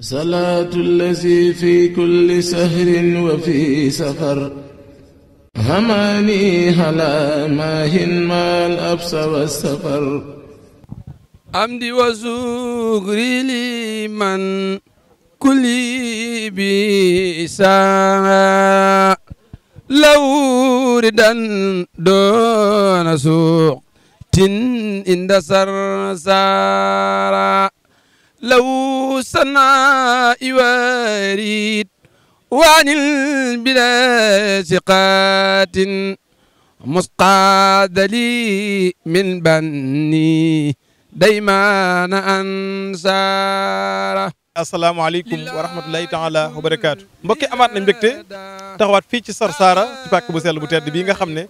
salaatu allazi fi kulli sahrin wa fi safar hamaani hala maahin maal absa wa safar amdi wa zugri li man kulli bi saa lawridan doona suuqtin inda sarsara له صنع واريد وعن البلا سقات مسقاد لي من بني ديمان أنصاره asalaamaaleykum wa rahmatulahi taala wa barakaatu mbokki amaat na mbégte taxawaat fii ci Sarsara ci pàkk bu sell bu tedd bii nga xam ne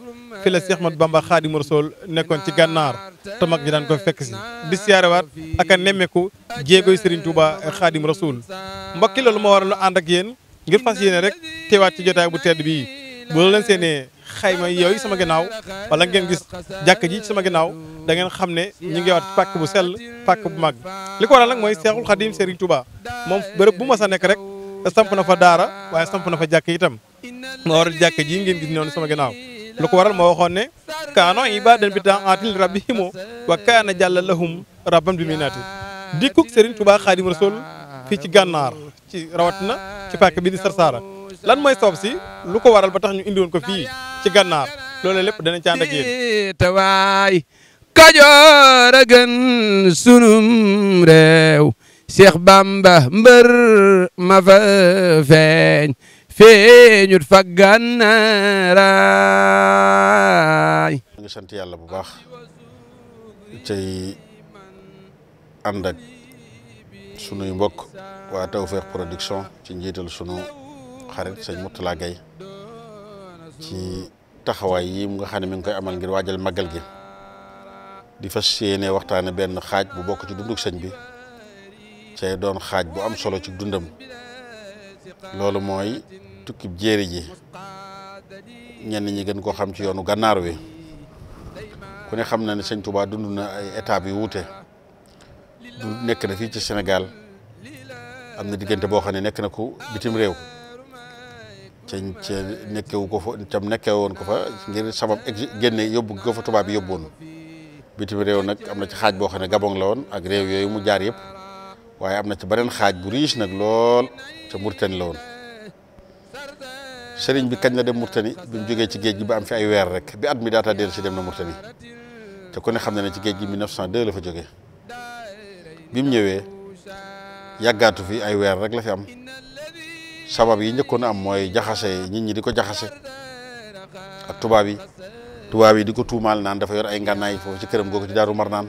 fi la Cheikh Ahmadou Bamba Xaadimu Rasuul nekkoon ci gànnaar te mag ñi daan ko fekk si di siyaarewaat ak a nemmeeku jéegoy Serigne Touba Xaadimu Rasuul mbokki loolu ma waral ànd ak yéen ngir fas yéene rek teewaat ci jotaay bu tedd bii bu la seenee xayma yooyu sama ginnaaw wala ngeen gis jàkk ji sama ginnaaw da ngeen xam ne ñu ngi waat pàkk bu sell pàkk bu mag li ko waral nag mooy Seexul Xadim Serigne tubaa moom bërëb bu ma sa nekk rek samp na fa daara waaye samp na fa jàkk itam moo waral jàkk ji ngeen gis noonu sama ginnaaw lu ko waral moo waxoon ne kaano ibadan bi taatin rabbihimo wa kaana jàlla lahum rabbam bi minaati dikkuk Serigne Touba Xadim Rasul fii ci gànnaar ci rawatina ci pàkk bi di Sarsara lan mooy soob si lu ko waral ba tax ñu indiwoon ko fii ci gannaar loolu lépp danañ ci ànd ak yéen tawaay kajoor a gën sunum réew Cheikh Bamba mbër ma fa feeñ feeñut fa gànnaaraay ñu ngi sant yàlla bu baax cay ànd ak sunuy mbokk waa Tawfekh Production ci njiital sunu xarit sëñ Moutala Gueye ci taxawaay yi mu nga xam ne mi ngi koy amal ngir waajal màggal gi di fas yéene waxtaane benn xaaj bu bokk ci dunduk sëñ bi cay doon xaaj bu am solo ci dundam loolu mooy tukkib jéeri ji ñenn ñi gën koo xam ci yoonu gànnaar wi ku ne xam na ne sëñ Touba dund na ay étapes yu wuute du nekk na fii ci senegal am na diggante boo xam ne nekk na ko bitim réew ce ca nekkewu ko fa tam woon ko fa ngir sabab génne yóbbu ko fa tubaab yi yóbbuwoon bitim réew nag am na ci xaaj boo xam ne Gabon la woon ak réew yooyu mu jaar yëpp waaye am na ci beneen xaaj bu riis nag lool ca Murtani la woon sëriñ bi kañ na dem Murtani bi mu ci géej gi ba am fi ay weer rek bi at mi daataa dellu si dem na Murtani te ku ne xam na ne ci géej gi 1902 la fa jógee bi mu ñëwee yàggaatu fi ay weer rek la fi am. sabab yi njëkkoon a am mooy jaxase nit ñi di ko jaxase ak tubaab yi tubaab yi di ko tuumaal naan dafa yor ay ngànnaay foofu ci këram googu ci daaru mar naan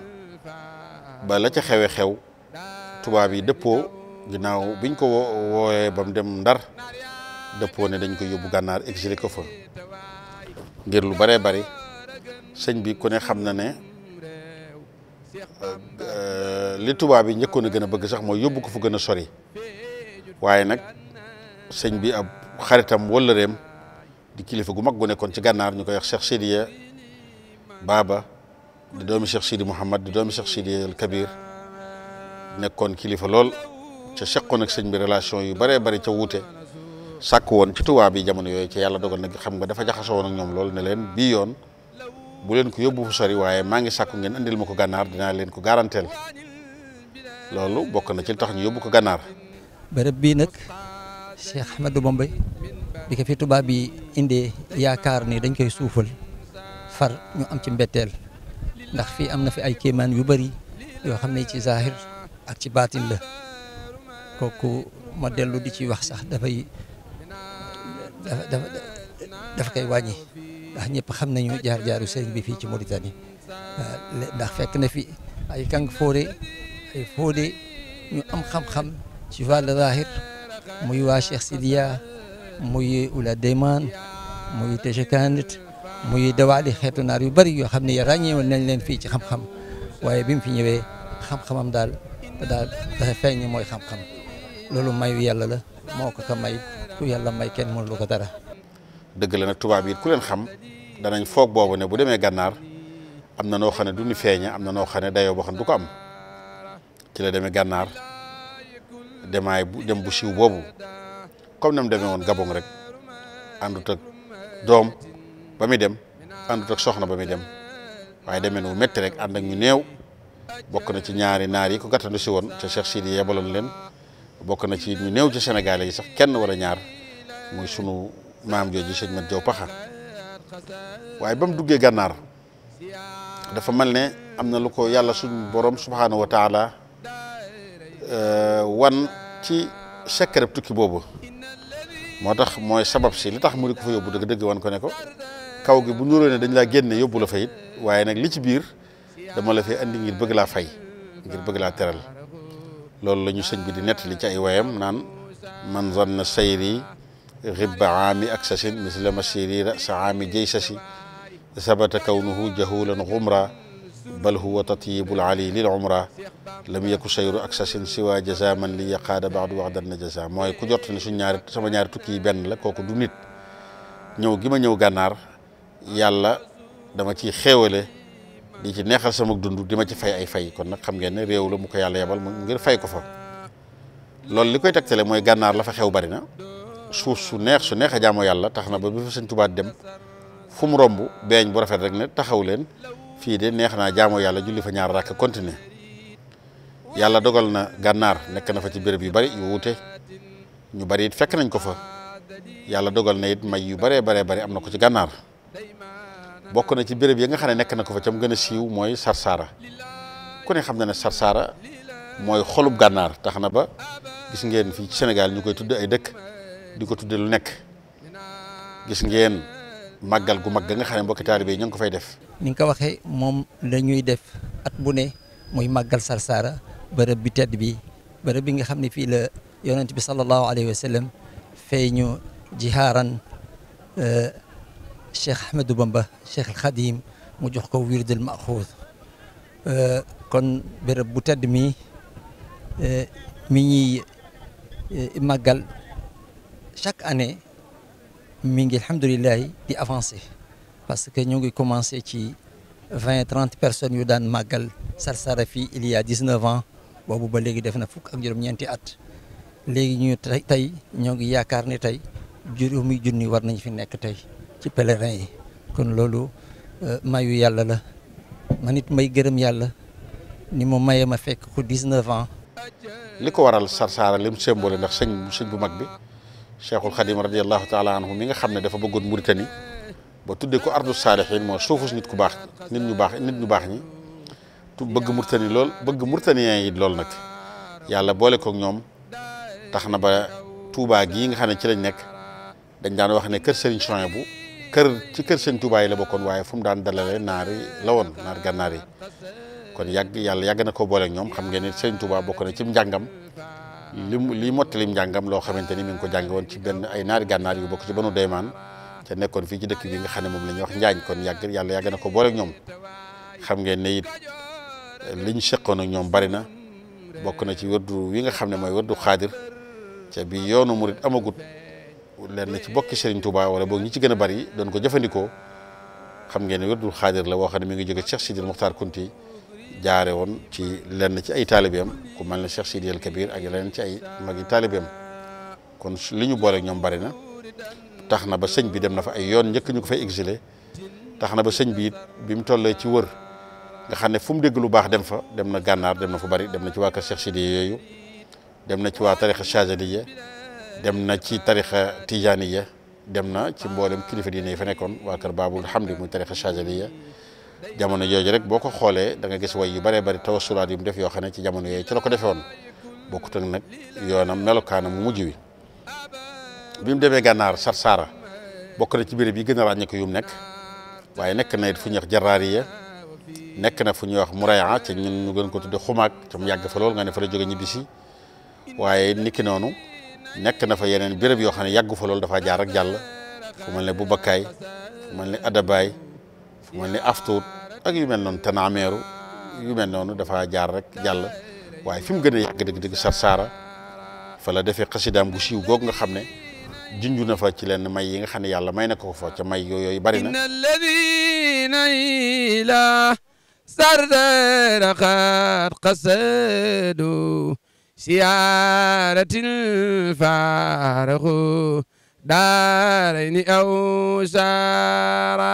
ba la ca xewe xew tubaab yi dëppoo ginnaaw biñ ko wooyee bam dem ndar dëppoo ne dañ koy yóbbu gànnaar exilé ko fa ngir lu baree bari sëñ bi kone xam na ne euh, li tubaab yi njëkkoon a gën a bëgg sax mooy yóbbu ko fa gën a sori waaye nag sëñ bi ab xaritam wëllëreem di kilifa gu mag gu nekkoon ci gànnaar ñu ko wax Cheikh Sidiya baaba di doomi Cheikh Sidi Mouhamad di doomi Cheikh Sidiya al Kabir nekkoon kilifa lool ca seqoon ak sëñ bi relation yu bare bëri ca wuute sàkk woon ci tubaab bi jamono yooyu ci yàlla dogal nag xam nga dafa jaxasoo woon ak ñoom lool ne leen bii yoon bu leen ko yóbbu fu sori waaye maa ngi sàkku ngeen indil ma ko gànnaar dinaa leen ko garanteel loolu bokk na ci tax ñu Cheikh Ahmadou Bamba bi ko fi tubaab yi indee yaakaar ni dañ koy suufal far ñu am ci mbetteel ndax fii am na fi ay kéemaan yu bari yoo xam ne ci zahir ak ci baatil la kooku ma dellu di ci wax sax dafay dafa dafa koy wàññi ndax ñëpp xam nañu jaar-jaaru sëriñ bi fii ci Mauritanie ndax fekk na fi ay kang foore ay foode ñu am xam-xam ci wàllu zahir muy waa Cheikh Sidiya muy Oula Deyman muy Tejekanit muy dawaali xeetu naar yu bari yoo xam ne ràññeewal nañ leen fii ci xam-xam waaye bi mu fi ñëwee xam-xamam daal daal dafa feeñ mooy xam-xam loolu mayu yàlla la moo ko ko may ku yàlla may kenn mënu lu ko dara. dëgg la nag tubaab yi ku leen xam danañ foog boobu ne bu demee gànnaar am na noo xam ne du ñu feeña am na noo xam ne dayoo boo xam ne du ko am ci la demee gànnaar. demaay bu dem bu siw boobu kom na mu demee woon Gabon rek àndut ak doom ba muy dem àndut ak soxna ba muy dem waaye demee na mu métti rek ànd ak ñu néew bokk na ci ñaari naar yi ko gàttandu si woon te Cheikh Sidi yebaloon leen bokk na ci ñu néew ci senegale yi sax kenn wala ñaar muy sunu maam jooju sëñ Mat Jaw Paxa waaye ba mu duggee gànnaar dafa mel ne am na lu ko yàlla suñu borom subhaanahu wa Euh, wan ci sekkereb tukki boobu moo tax mooy sabab si li tax mu di ko fa yóbbu dëgg dëgg wan ko ne ko kaw gi bu nuroo ne dañ laa génn yóbbu la fa waaye nag li ci biir dama la fi andi ngir bëgg laa fay ngir bëgg laa teral loolu la ñu sëñ bi di nettali ci ay wayam naan man zanna sayri ribba aami ak sasin misla masiri rasa aami jay sasi sabata kawnuhu jahulan xumra bal huwa tatyibul ali lil umra lam yaku sayru ak sasin siwa jaza man li yaqaada baxdu wax dan na jaza mooy ku jot ne suñ ñaari sama ñaari tukki yi benn la kooku du nit ñëw gi ma ñëw gànnaar yàlla dama ciy xéewale di ci neexal sama dund di ma ci fay ay fay kon nag xam ngeen ne réew la mu ko yàlla yebal mu ngir fay ko fa loolu li koy tegtale mooy gànnaar la fa xew bari na suuf su neex su neex a jaamoo yàlla tax na ba bi fa sëñ Tuubaa dem fu mu romb beeñ bu rafet rek ne taxaw leen fii de neex naa jaamoo yàlla julli fa ñaar rakk continuer yàlla dogal na gànnaar nekk na fa ci béréb yu bari yu wuute ñu bari it fekk nañ ko fa yàlla dogal na it may yu baree baree bari am na ko ci gànnaar bokk na ci béréb yi nga xam ne nekk na ko fa cam gën a siiw mooy Sarsara ku ne xam na ne Sarsara mooy xolub gànnaar tax na ba gis ngeen fi ci Sénégal ñu koy tudd ay dëkk di ko tuddee lu nekk gis ngeen màggal gu mag ga nga xam ne mbokki taalibe yi ñu ngi ko fay def ni nga ko waxee moom la ñuy def at bu ne muy màggal Sarsara bërëb bi tedd bi bërëb bi nga xam ne fii la yonent bi sallallahu alayhi wa sallam fay ñu jihaaran euh, Cheikh Ahmadou Bamba Cheikh al Khadim mu jox ko wirdul maxuud euh, kon bërëb bu tedd mi euh, mi ñuy màggal chaque année mi ngi alhamdulilah di avancé parce que ñu ngi commencé ci vingt trente personnes yu daan màggal Sarsara fii il y a dix neuf ans boobu ba léegi def na fukk ak juróom-ñeenti at léegi ñu tey tey ñoo ngi yaakaar ni tey juróomi junni war nañu fi nekk tey ci pèlerin yi kon loolu euh, mayu yàlla la ma nit may gërëm yàlla ni mu mayee ma fekk ko dix neuf ans. li ko waral Sarsara lim symbole ndax sëñ sëñ bu mag bi Cheikhul Khadim radiyallahu taala anhu mi nga xam ne dafa bëggoon Mauritanie. ba tuddee ko ardu saalixiin moo suufus nit ku baax nit ñu baax nit ñu baax ñi tu bëgg murtani lool bëgg murtaniyen yi lool nag yàlla boole kook ñoom tax na ba Touba gii nga xam ne ci lañ nekk dañ daan wax ne kër Serigne Souhaïbou bu kër ci kër Serigne Touba yi la bokkoon waaye fu mu daan dalale naar yi la naar gànnaar yi kon yàgg yàlla yàgg na ko boole ñoom xam ngeen ne Serigne bokk na ci njàngam li li mottali njàngam loo xamante ni mi ngi ko jàng woon ci benn ay naari gànnaar yu bokk ci banu deymaan te nekkoon fii ci dëkk bi nga xam ne moom la ñuy wax njaañ kon yàgg yàlla yàgg na ko booleeg ñoom xam ngeen ne it liñ seqoon ak ñoom bari na bokk na ci wërdu wi nga xam ne mooy wërdu xaadir ca bi yoonu murit amagut lenn ci bokki Serigne Touba wala boog ñi ci gën a bari doon ko jëfandikoo xam ngeen ne wërdul xaadir la boo xam ne mi ngi jóge Cheikh Sidil Muxtaar Kunti jaare woon ci lenn ci ay taalibeem ku mel ne Cheikh Sidil Kabir ak leneen ci ay magi taalibeem kon li ñu booleeg ñoom bari na tax na ba sëñ bi dem na fa ay yoon njëkk ñu ko fay exilé tax na ba sëñ bi bi mu tollee ci wër nga xam ne fu mu dégg lu baax dem fa dem na gànnaar dem na fa bari dem na ci waa kër Cheikh Sidi dem na ci waa tarixa Chazaliya dem na ci tarixa Tijaniya dem na ci mboolem kilifa diine yi fa nekkoon waa kër Baabul Hamdi muy tarixa Chazaliya jamono jooju rek boo ko xoolee da nga gis way yu bëree bëri tawasulaat yu mu def yoo xam ne ci jamono yooyu ci la ko defee woon bokkut ak nag yoonam melokaanam mujj wi. bi mu demee gànnaar sar saara bokk na ci béréb yi gën a ràññeeku yu mu nekk waaye nekk na it fu ñuy wax jaraariya nekk na fu ñuy wax muraya ca ñun ñu gën ko tudde xumaag ca mu yàgg fa lool nga ne fa la jóge ñibbisi waaye niki noonu nekk na fa yeneen béréb yoo xam ne yàggu fa lool dafa jaar ak jàll fu mel ne bu bakkaay fu mel ne adabaay fu mel ne aftuut ak yu mel noonu tanaameeru yu mel noonu dafa jaar rek jàll waaye fi mu gën a yàgg dëgg-dëgg sar saara fa la defee xasidaam gu siiw googu nga xam ne jun na fa ci lenn may yi nga xam ne yàlla may na ko fa ca may yooyu bari na alladina sardara qasadu siyaaratin faaraxu daarayni aw saara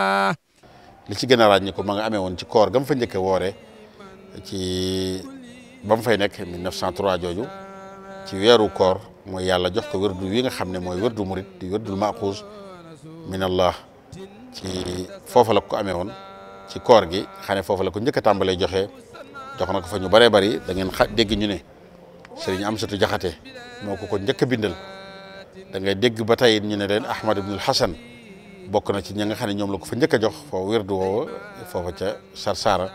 li ci gën a ràññi ko ma nga amee woon ci koor gam fa njëkke woore ci ba mu fay nekk 1903 jooju ci weeru koor mooy yàlla jox ko wérdu wi nga xam ne mooy wérdu murit di wérdul maxuus min allah ci foofa la ko amee woon ci koor gi xam ne foofa la ko njëkk a joxe jox na ko fa ñu bëree bëri da ngeen xa dégg ñu ne sëriñ Amsatu Jaxate moo ko ko njëkk bindal da ngay dégg ba tey ñu ne leen Ahmad ibnul Hasan bokk na ci ñi nga xam ne ñoom la ko fa njëkk a jox foofu wérdu woo foofa ca Sarsara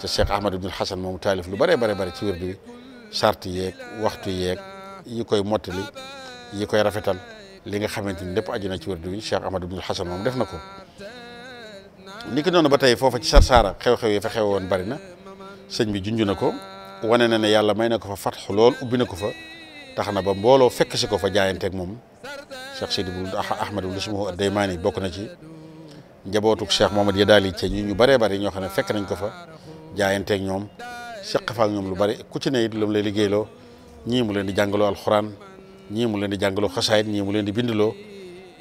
ca Cheikh Ahmad ibnul Hasan moomu taalif lu bëree bëri bëri ci wérdu wi sart yeeg waxtu yeeg yi koy mottali yi koy rafetal li nga xamante ni lépp aju na ci wérdu wi Cheikh Ahmadou Ibnul Hasan moom def na ko ni ki noonu ba tey foofa ci Sarsara xew-xew yi fa xew woon bari na sëñ bi junj na ko wane na ne yàlla may na ko fa fat lool ubbi na ko fa tax na ba mbooloo fekk si ko fa jaayanteeg moom Cheikh Sidi Bou Ahmadou Lismuhu Daymaani bokk na ci njabootuk Cheikh Mohamad Yadaali ci ñu ñu bëree bëri ñoo xam ne fekk nañ ko fa jaayanteeg ñoom seq ak ñoom lu bari ku ci ne it lu mu lay liggéeyloo ñii mu leen di jàngaloo alxuraan ñii mu leen di jàngaloo xasaayit ñii mu leen di bindloo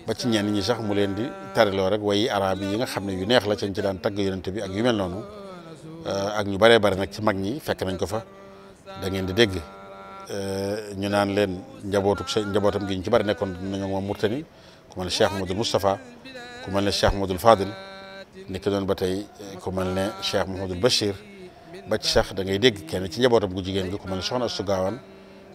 ba ci ñenn ñi sax mu leen di tariloo rek wayi arab yi nga xam ne yu neex la cañ ci daan tagg bi ak yu mel noonu eh, ak ñu baree bare nag ci mag ñi fekk nañ ko fa da ngeen di dégg eh, ñu naan leen njabootu njabootam gi ñu ci bari nekkoon nañu moom Murtani ku mel ne Cheikh Mahmadul Moustapha ku mel ne Cheikh Mahmadul Fadil nekk doon ba tey eh, ku mel ne Cheikh Mahmadul Bachir ba ci sax da ngay dégg kenn ci njabootam gu jigéen gi ku mel ne Soxna Astu Gaawaan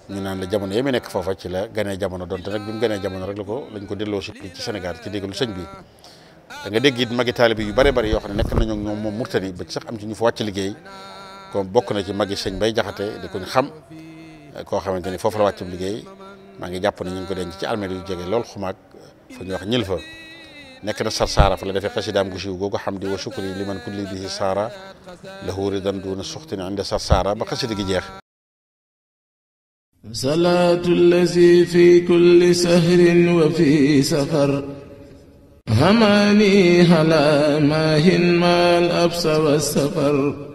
ñu naan la jamono yi mu nekk foofa ci la ganee jamono donte nag bi mu ganee jamono rek ko lañ ko delloo si ci Sénégal ci déglu sëñ bi da nga dégg magi taalibe yu bare bari yoo xam ne nekk nañu ñoom moom murtani ba ci sax am ci ñu fa wàcc liggéey comme bokk na ci magi sëñ ko ñu xam koo xamante ni foofu la wàcc liggéey maa ngi jàpp ne ñu ngi ko denc ci armeel yu jege lool xumaag fa ñu wax ñil fa nekk na sarsaara fa la defee xasidaam gu siiw googu xam di wa shukri liman kulli bihi saara lahu ridan duna suxtin inda sarsaara ba xasida gi jeex salaatu allazi fi kulli sahrin wa fi safar hamaani hala maahin maal absa wa safar